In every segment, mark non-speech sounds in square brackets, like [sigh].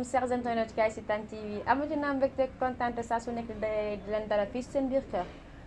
asalaamaaleykum chers internautes kaay si Hann TV amati naa mbégte kontaante saa su nekk di leen dara fii seen biir kër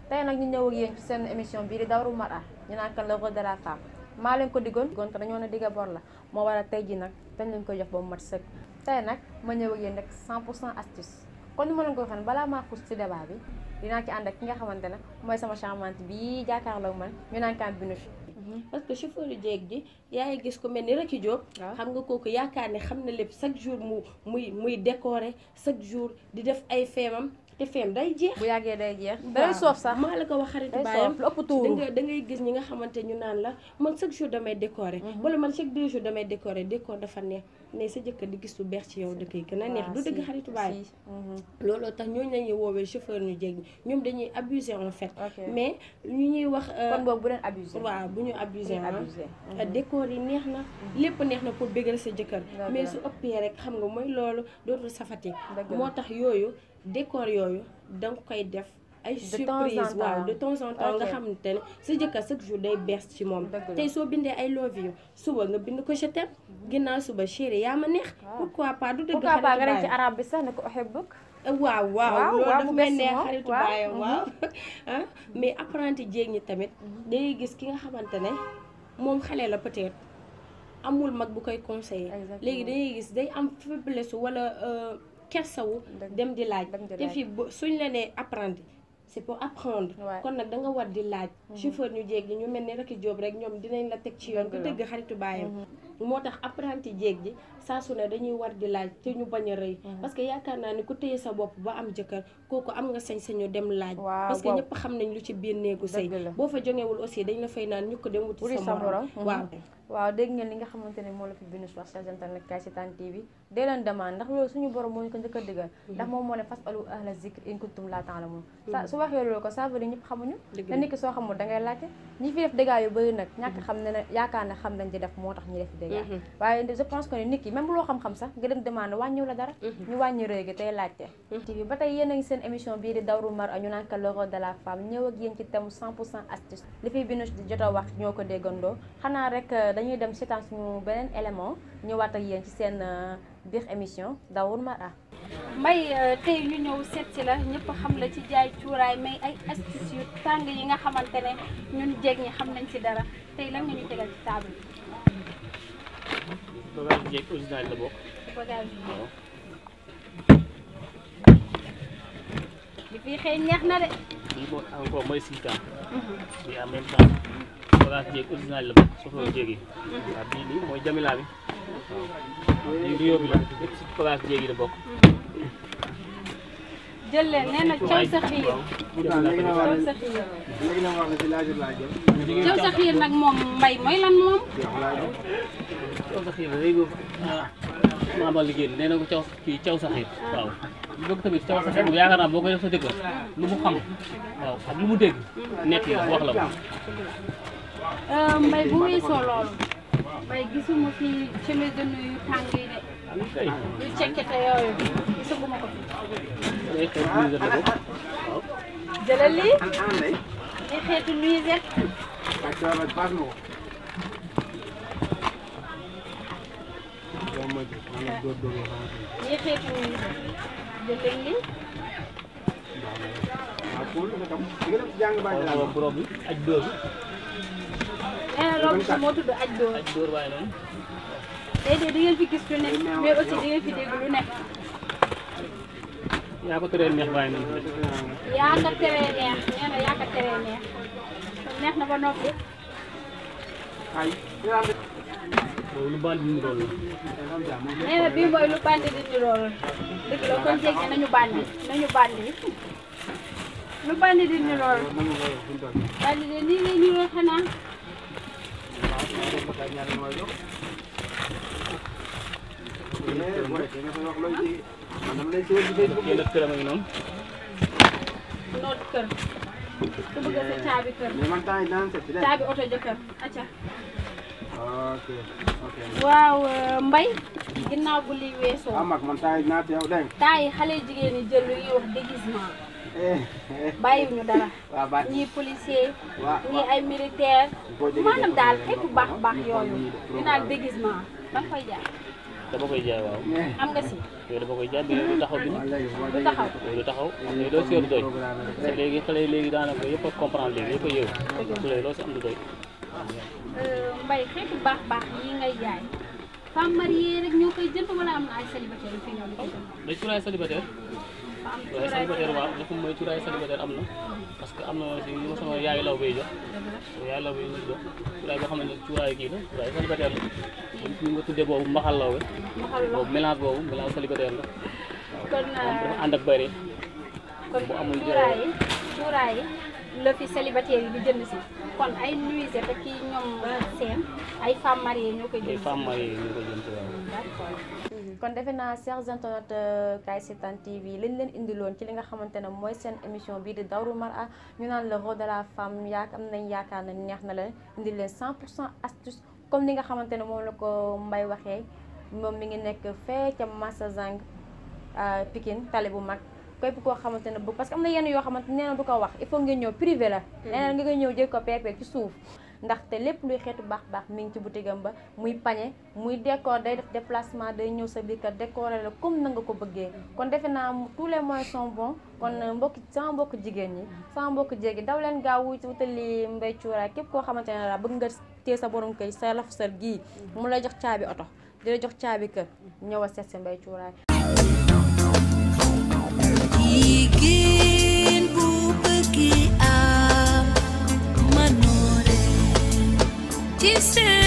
tey nag ñu ñëw ak yéen seen émission bii di Dawru Mara ñu naan kan le rôle de la femme maa leen ko diggoon goon te dañoo ne digga bor la moo waral tey ji nag dañ leen koy jox ba mu mat sëkk tey nag ma ñëw ak yéen rek 100 pour cent astuce kon ni ma leen koo waxee balaa maa xuus ci débat bi dinaa ci ànd ak ki nga xamante ne mooy sama charmante bii jàkkaarloo man ñu naan kan Binouche Mhm. parce que chauffeur yu jeeg ji yaa ngi gis ko mel ni Racky Diop ah. xam nga kooku yaakaar ne xam na lépp chaque jour mu muy muy décorer chaque jour di def ay feemam te feem day jeex. bu yàggee day jeex. day soof sax maa la ko wax xaritu baayam lu ëpp tuuru da ngay gis ñi nga xamante ñu naan la man chaque jour damay décorer. Mhm. wala man chaque deux jours damay décorer décor dafa neex ne sa jëkkër di gis lu beex ci yow da koy gën a neex du dëgg xaritu baay. Mhm. looloo tax ñooñu la ñuy woowee chauffeur ñu jéggi ñoom dañuy abuser en mais ñu ñuy wax. Euh, kon boobu bu leen abuser. waaw bu ñu abuser ah. Euh, mhm. décor yi neex na. lépp neex na pour bégal sa jëkkër. mais su ëppee rek xam nga mooy loolu dootul safati moo tax yooyu décor yooyu danga koy def ay surprise waaw de temps en temps nga xamante ne sa jëkkër chaque jour day bees ci moom tey soo bindee ay love you suba nga bind ko je t'aime mhm. ginnaaw suba chérie yaa ma neex ah. pourquoi du dëgg pourquoi pas nga ne ko oxebbuk eh, waaw waaw loolu daf may neex xaritu baayam mhm. waaw [laughs] ah, mais apprenti jéeg ñi tamit mhm. gis ki nga xamante ne moom xale la peut-être amul mag bu koy conseiller léegi dañuy gis day am faiblesse wala euh, kersawu dem di laaj te fii suñ la nee apprendre c'est pour apprendre kon nag da nga war di laaj mhm. chauffeur ñu jéeg ñu mel ni rek i jóob rek ñoom dinañ la teg ci yoon ku dëgg xaritu baayam mhm. moo tax apprenti jéeg ji saa su ne dañuy war di laaj te ñu bañ a rëy. Mm-hmm. parce que yaakaar naa ne ku téye sa bopp ba am jëkkër kooku am nga sañ-sañu dem laaj. parce que ñëpp xam nañ lu ci biir néegu sëy boo fa jongewul aussi dañ la fay naan ñu ko dem wuti sa morom mm-hmm. waaw. waaw nga xamante ne moo la fi bindu wax chaîne internet Kaay moo ñu mm-hmm. moo ne fasalu ahla zikr in sa su waxee loolu ko ça veut dire ñëpp xamuñu ñi def dégâts yu bëri nag ñàkk xam ne ne yaakaar ne xam nañ di def moo tax ñi def Mhm. de yaa waaye je pense que nit ki même loo xam-xam sax nga dem demande wàññiw la dara mhm. ñu wàññi gi tey laajte mhm. ba tey yéen a ngi seen émission bii di dawru mar ñu naan ko le rôle de la femme ñëw ak yéen ci thème 100 pour cent astuce li fiy binu jot a wax ñoo ko déggandoo xanaa rek euh, dañuy dem seetaan suñu beneen élément ñëwaat ak yéen ci seen euh, biir émission dawru mar ah may euh, tey ñu ñëw seet si la ñëpp xam la ci jaay cuuraay may ay astuce yu tàng yi nga xamante ne ñun xam nañ ci dara tey lan nga ñu tegal ci table bi. bagage bi jeeg original la bokk. bagage bi jeeg. li fi xëy neex na de. bii bokk encore mooy six ans. bii en même temps bagage jeeg original la bokk soxla jeeg yi. waaw bii nii mooy jamila bi. waaw bii bi la lépp si bagage jeeg yi la bokk. jël leen nee na caw sa xiir caw nag moom mbay mooy lan moom caw sa xiir léegi ah, maama liggéey nee na ko caw kii caw sa xiir waaw ñu bëgg tamit caw sa xiir moom yaakaar naa boo koy mu xam waaw ak lu mu wax la ko euh, mbay bu weesoo loolu de nuit yu tàng yi de yu cekkete yooyu gisaguma ko fi jëlal lii lii xeetu nuisette lii xeetu nuisette jëlal lii ak dóor bi nee na loolu moo tudd aj dóor tey de di ngeen fi gis lu nekk mais aussi di ngeen fi dégg lu nekk. yaa ko teree neex bàyyi nañu yaa ko teree neex nee na yaa ko teree neex neex na ba noppi. ay. boobu lu bandi di lool. nee na bii mooy lu bandi di lool. dëgg la kon jéggi nañu bandi nañu bandi. lu bandi di lool. bandi de nii lay ñëwee xanaa. yéen a ngi noonu. noot waaw euh, Mbaye. ginnaaw bu weesoo. ah mag naa ci yow dégg nga. taay xale jigéen ñi jël lu ñuy wax déguisement. Eh, eh. bàyyiwuñu dara. ñii policier. ñii ay militaire. maanaam daal xeetu baax baax yooyu. ñu naan déguisement da nga koy jaar. dama koy jaay waaw. am nga si. yooyu dama koy jaay mais yooyu du taxaw bi du taxaw yooyu du taxaw yooyu doo si léegi xale léegi daanaka yëpp comprendre léegi yëpp a yeewu. léegi loo si am du doy. Euh, Mbaye xeetu baax baax yi ngay jaay femme mariée rek ñoo koy jënd wala am na ay célibataire yu fi ñëw loolu célibataire waaw dafa mooy cuuraayu célibataire am na parce que am na aussi li ma sama yaay law bay jox yaay law bay jox cuuraay boo xam ne cuuraayu kii la cuuraayu célibataire la boobu mbaxal law boobu mélange boobu mélange célibataire la kon ay nuisé te kii ñoom seen ay femmes mariées ñoo koy jënd si waaw kon defe naa chers internautes euh, Kaay Seetaan TV lañ leen indiloon ci li nga xamante ne mooy seen émission bii di Dawru Mara ñu naan le rôle de la femme yaa am nañ yaakaar na neex na la indil leen 100 pour cent astuce comme li nga xamante ne moom la ko mbay waxee moom mi ngi nekk fee ca a euh, Pikine tali bu mag képp koo xamante ne bëgg parce que am na yenn yoo xamante nee du ko wax il faut nga ñëw privé la mm-hmm. nee na nga ñëw jël ko peepee ci suuf ndaxte lépp luy xeetu baax baax mi ngi ci butigam ba muy pañe muy décor day def déplacement day ñëw sa biir kër décorer la comme na nga ko bëggee kon defe naa tous le moyens sont bons kon mbokk sama mbokk jigéen ñi sama mbokk jéegi daw leen gaaw wu wutali mbay cuuraay képp koo xamante ne daal bëgg nga téye sa borom kay sa lafu sër gii mm-hmm. mu lay jox caabi oto di la jox caabi kër ñëw a seet si mbay cuuraay you still